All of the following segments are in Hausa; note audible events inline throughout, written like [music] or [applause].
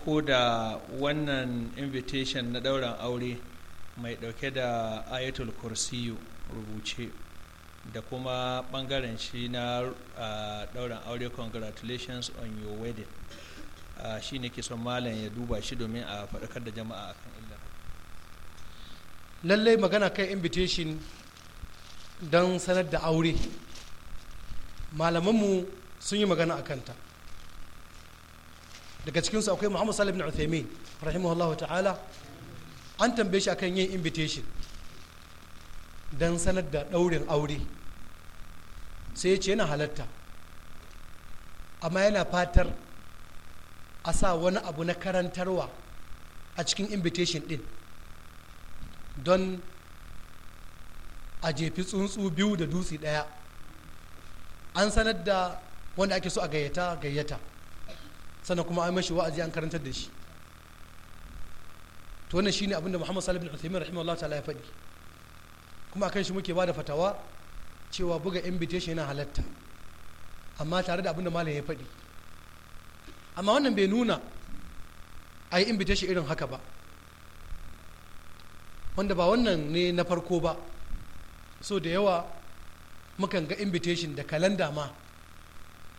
ko da wannan invitation na ɗauran aure mai ɗauke da ayatul kursiyu rubuce da kuma bangaren shi na ɗauran aure congratulations on your wedding shi ne ke son malam ya duba shi domin a faɗakar da jama'a akan illa lallai magana kan invitation don sanar da aure malamanmu sun yi magana a kanta daga cikinsu akwai muhammad salih bin uthaymin rahimahullahu ta'ala an tambaye shi akan yin invitation don sanar da ɗaurin aure sai ya ce yana halatta amma yana fatar a sa wani abu na karantarwa a cikin invitation din don a jefi tsuntsu biyu da dutse ɗaya an sanar da wanda ake so a gayyata gayyata sannan kuma an mashi wa'azi an karantar da shi to wannan shine abinda Muhammad Salih bin Uthaymeen rahimahullah ta'ala ya faɗi kuma akan shi muke bada fatawa cewa buga invitation yana halatta amma tare da abinda malam ya faɗi amma wannan bai nuna a yi invitation irin haka ba wanda ba wannan ne na farko ba so da yawa mukan ga invitation da kalanda ma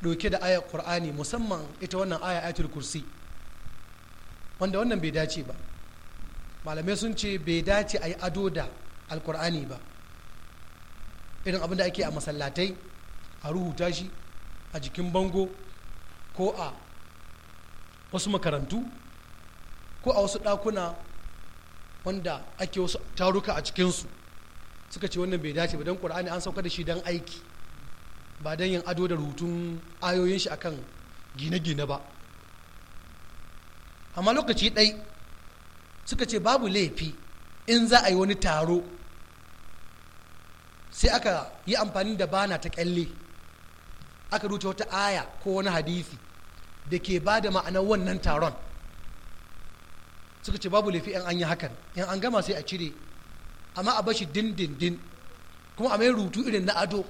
ɗauke da ayar ƙur'ani musamman ita wannan aya ayatul kursi wanda wannan bai dace ba malamai sun ce bai dace a yi ado da alƙur'ani ba irin abin da ake a masallatai a rubuta shi a jikin bango ko a wasu makarantu ko a wasu ɗakuna wanda ake wasu taruka a cikinsu suka ce wannan bai dace ba don ƙur'ani an sauka da shi don aiki ba don yin ado da rutun ayoyin shi akan gine-gine ba amma lokaci ɗai suka ce babu laifi in za a yi wani taro sai aka yi amfani da bana ta kyalle aka rute wata aya ko wani hadisi da ke ba da ma'anar wannan taron suka ce babu laifi in an yi hakan in an gama sai a cire amma a bashi dindindin kuma a mai rutu irin na ado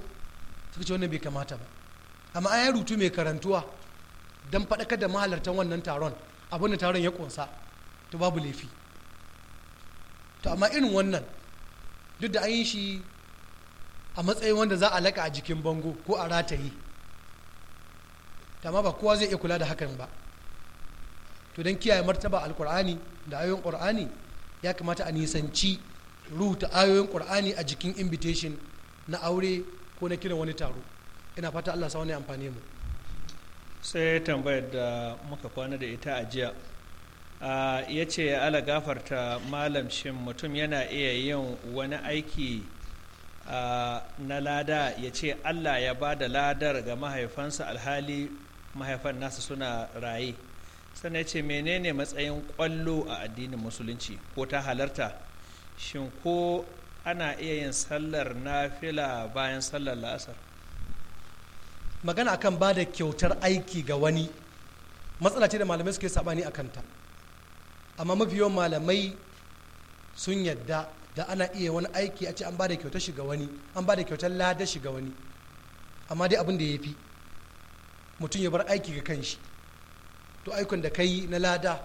suka ce wannan bai kamata ba amma an rutu mai karantuwa don faɗakar da mahalartan wannan taron abinda taron ya ƙunsa to babu laifi to amma irin wannan duk da an yi shi a matsayin wanda za a laƙa a jikin bango ko a rataye amma ba kowa zai iya kula da hakan ba to don kiyaye martaba Alƙur'ani da ayoyin ƙur'ani ya kamata a nisanci rubuta ayoyin ƙur'ani a jikin invitation na aure ko na kiran wani taro ina fata allah sa wani amfani mu sai tambayar da muka kwana da ita a jiya ya ce ala gafarta malam shin mutum yana iya yin wani aiki na lada ya ce allah ya ba da ladar ga mahaifansa alhali mahaifan nasa suna raye sannan ya ce menene matsayin kwallo a addinin musulunci ko ta halarta shin ko ana iya yin sallar nafila bayan sallar la'asar magana akan ba da kyautar aiki ga wani matsala ce da malamai suke sabani a kanta amma mafi yawan malamai sun yadda da ana iya wani aiki a ce an ba da kyautar shiga wani an ba da kyautar lada shiga wani amma dai abin da ya fi mutum ya bar aiki ga kan shi. to aikon da ka yi na lada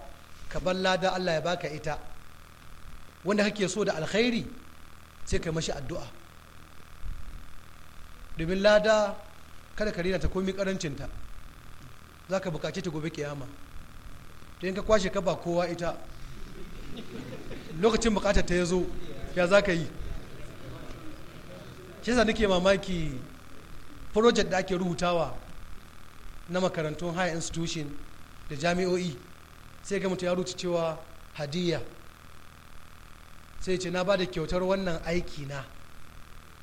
ka bar lada allah ya baka ita wanda kake so da alkhairi sai kai mashi addu'a domin lada kada ka rina ta komi karancinta za ka bukace ta gobe kiyama ta ka kwashe ka ba kowa ita lokacin bukatar ta ya zo ya za ka yi shi sa nake mamaki project da ake rubutawa na makarantun high institution da jami'o'i sai ga mutu ya rubuta cewa hadiyya sai ce na ba da kyautar wannan aiki na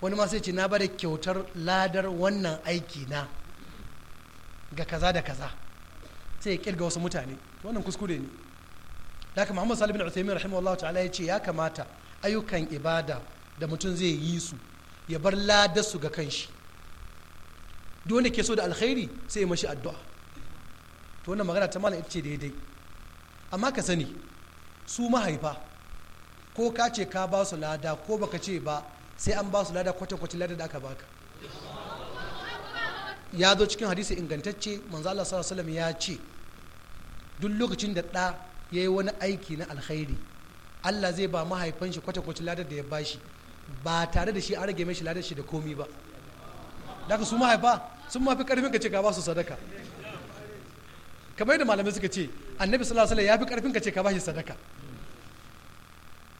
wani ma sai ce na ba kyautar ladar wannan aiki na ga kaza da kaza sai ya kirga wasu mutane wannan kuskure ne da haka muhammad salibin uthaymin rahimahullah ta'ala ya ce ya kamata ayyukan ibada da mutum zai yi su ya bar ladarsu ga kanshi duk wanda ke so da alkhairi sai ya mashi addu'a to wannan magana ta malam ita ce daidai amma ka sani su mahaifa ko ka ce ka ba su lada ko baka ce ba sai an ba su lada kwata-kwata lada da aka baka ya zo cikin hadisi ingantacce manzo Allah sallallahu alaihi ya ce duk lokacin da ɗa ya yi wani aiki na alkhairi Allah zai ba mahaifin shi kwata-kwata lada da ya ba shi ba tare da shi an rage mishi ladar shi da komi ba daga su mahaifa sun mafi karfin ka ce ka ba su sadaka kamar yadda malamai suka ce annabi sallallahu alaihi ya fi karfin ka ce ka ba shi sadaka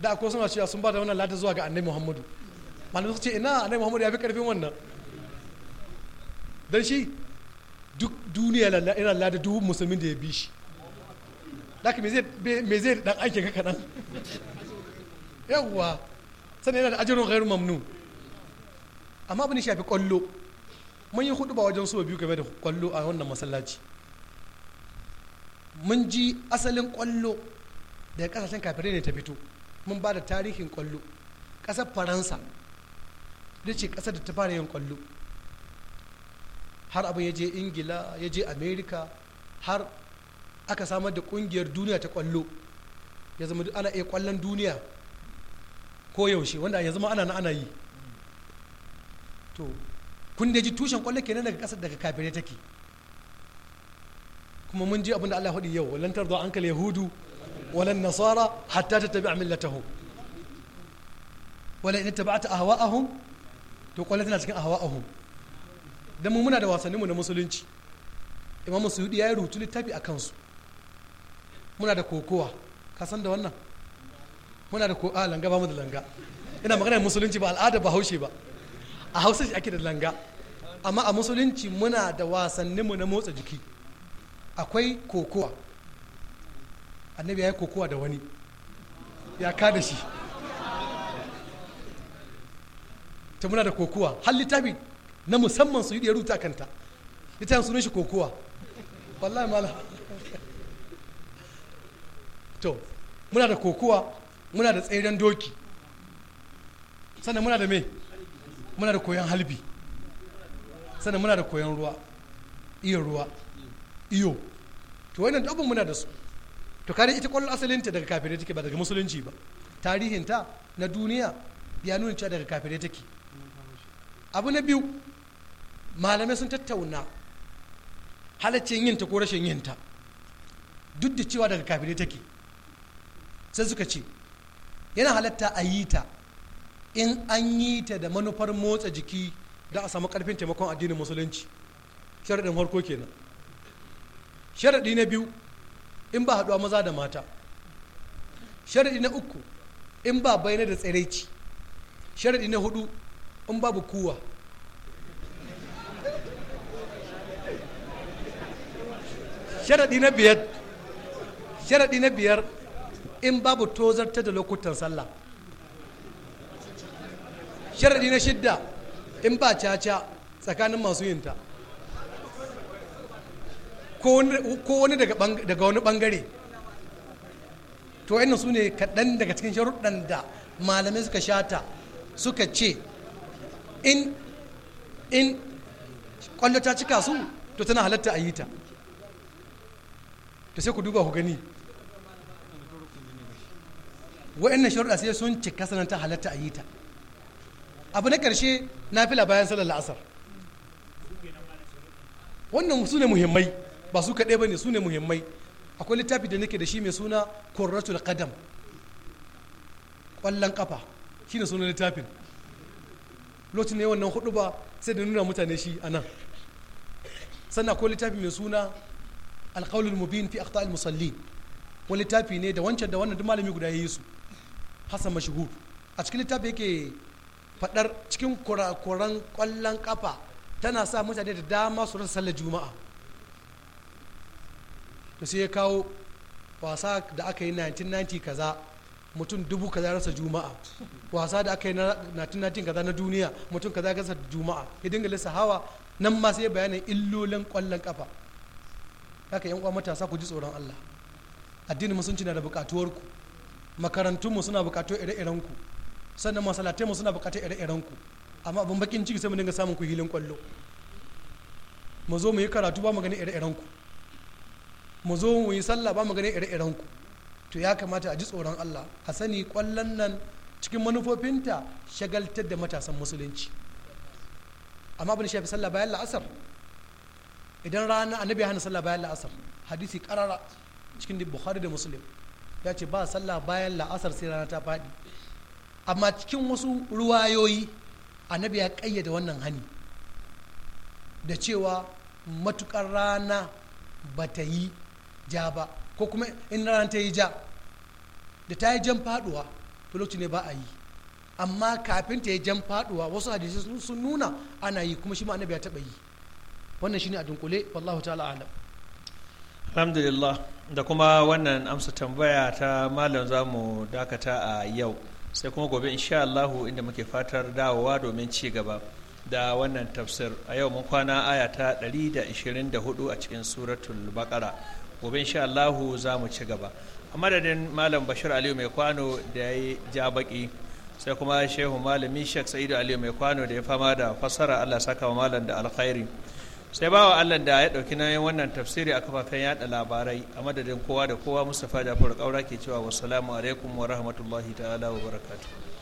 da ko suna cewa sun ba da wannan lada zuwa ga annabi muhammadu malamai su ce ina annabi muhammadu ya fi karfin wannan don shi duk duniya yana lada duk musulmin da ya bi shi daga me zai dan aiki ka kaɗan [laughs] yawwa sannan yana da ajirun ghairu mamnu amma abin shafi kwallo mun yi hudu ba wajen so biyu game da kwallo a wannan masallaci mun ji asalin kwallo daga kasashen kafirai ne ta fito mun ba da tarihin kwallo ƙasar faransa da ce ƙasar da ta fara yin kwallo har abin ya je ingila ya je amerika har aka samar da ƙungiyar duniya ta kwallo ya zama ana iya kwallon duniya ko yaushe wanda yanzu zama ana na ana yi to kun da ji tushen kwallo kenan daga ƙasar daga kafirai take kuma mun ji abin da Allah hudu yau walantar zuwa an kala yahudu walan nasara hatta tattabi'a millatahum wala in tabata ahwa'ahum to kwallo tana cikin ahwa'ahum dan mu muna da wasannin mu na musulunci imam suyudi yayi rubutu littafi a kansu muna da kokowa ka san da wannan muna da ko a langa ba mu da langa ina magana musulunci ba al'ada ba haushe ba a hausa ake da langa amma a musulunci muna da wasanninmu na motsa jiki akwai kokowa annabi ya yi kokowa da wani ya ka da shi ta muna da kokowa har littafi na musamman su yi da ya rubuta kanta littafin sunan shi kokowa wallahi mala to muna da kokowa muna da tseren doki sannan muna da me muna da koyon halbi sannan muna da koyon ruwa iya ruwa iyo to wannan dabin muna da su to kare ita kwallon asalinta daga kafirai take ba daga musulunci ba tarihinta na duniya ya nuna cewa daga kafirai take abu na biyu malamai sun tattauna halaccin yinta ko rashin yinta duk da cewa daga kafirai take sai suka ce yana halatta a yi ta in an yi ta da manufar motsa jiki da a samu karfin taimakon addinin musulunci sharaɗin farko kenan sharaɗi na biyu in ba haɗuwa maza da mata sharaɗi na uku in ba bayyana da tsiraici sharaɗi na hudu in babu kuwa sharaɗi na biyar sharaɗi na biyar in babu tozarta da lokutan sallah sharaɗi na shidda in ba caca tsakanin masu yinta ko wani daga wani bangare to wa'annan su ne kaɗan daga cikin sharuɗan da malamai suka shata suka ce in in kwallo ta cika su to tana halatta a yi ta to sai ku duba ku gani wa'annan sharuɗa sai sun cika sanar ta halatta a yi ta abu na ƙarshe na fila bayan sallar la'asar wannan su ne muhimmai ba su kaɗai ba ne su ne muhimmai akwai littafi da nake da shi mai suna kurratul qadam ƙwallon ƙafa shi ne sunan littafin lokacin ne wannan hudu ba sai da nuna mutane shi a nan sannan akwai littafi mai suna alƙaulul mubin fi akhta musalli wani littafi ne da wancan da wannan duk malami guda ya yi su hasan mashhur a cikin littafi yake faɗar cikin kurakuran kwallon ƙafa tana sa mutane da dama su rasa sallar juma'a da sai ya kawo wasa da aka yi 1990 kaza mutum dubu kaza rasa juma'a wasa da aka yi 1990 kaza na duniya mutum kaza rasa juma'a ya dinga lissa hawa nan ma sai bayanin illolin kwallon kafa haka yan uwa matasa ku ji tsoron Allah addinin musulunci na da bukatuwar ku makarantun mu suna bukatuwar ire-iren ku sannan masalatai mu suna bukatuwar ire-iren ku amma abin bakin ciki sai mu dinga samun ku hilin kwallo mu zo mu yi karatu ba mu gani ire-iren ku mu zo mu yi sallah ba mu ganin ire-iren ku to ya kamata a ji tsoron Allah a sani kwallon nan cikin manufofinta shagaltar da matasan musulunci amma bin shafi sallah bayan la'asar idan rana annabi ya hana sallah bayan la'asar hadisi karara cikin bukhari da muslim ya ce ba sallah bayan la'asar sai rana ta faɗi amma cikin wasu ruwayoyi annabi ya kayyada wannan hani da cewa matukar rana ba ta yi ja ba ko kuma in ran ta yi ja da ta yi jan faduwa to lokaci ne ba a yi amma kafin ta yi jan faduwa wasu hadisi sun nuna ana yi kuma shi ma annabi ya taba yi wannan shine a dunkule wallahu ta'ala alam alhamdulillah da kuma wannan amsa tambaya ta malam za mu dakata a yau sai kuma gobe insha Allah inda muke fatar dawowa domin ci gaba da wannan tafsir a yau mun kwana aya ta 124 a cikin suratul baqara gobe insha Allahu za mu ci gaba a madadin malam bashir aliyu mai kwano da ya yi ja baki sai kuma shehu malami shek sa'idu aliyu mai kwano da ya fama da fassara allah saka wa malam da alkhairi sai bawa allah da ya ɗauki nayin wannan tafsiri a kafafen yada labarai a madadin kowa da kowa mustapha jafar kaura ke cewa salamu alaikum wa rahmatullahi ta'ala wa barakatu.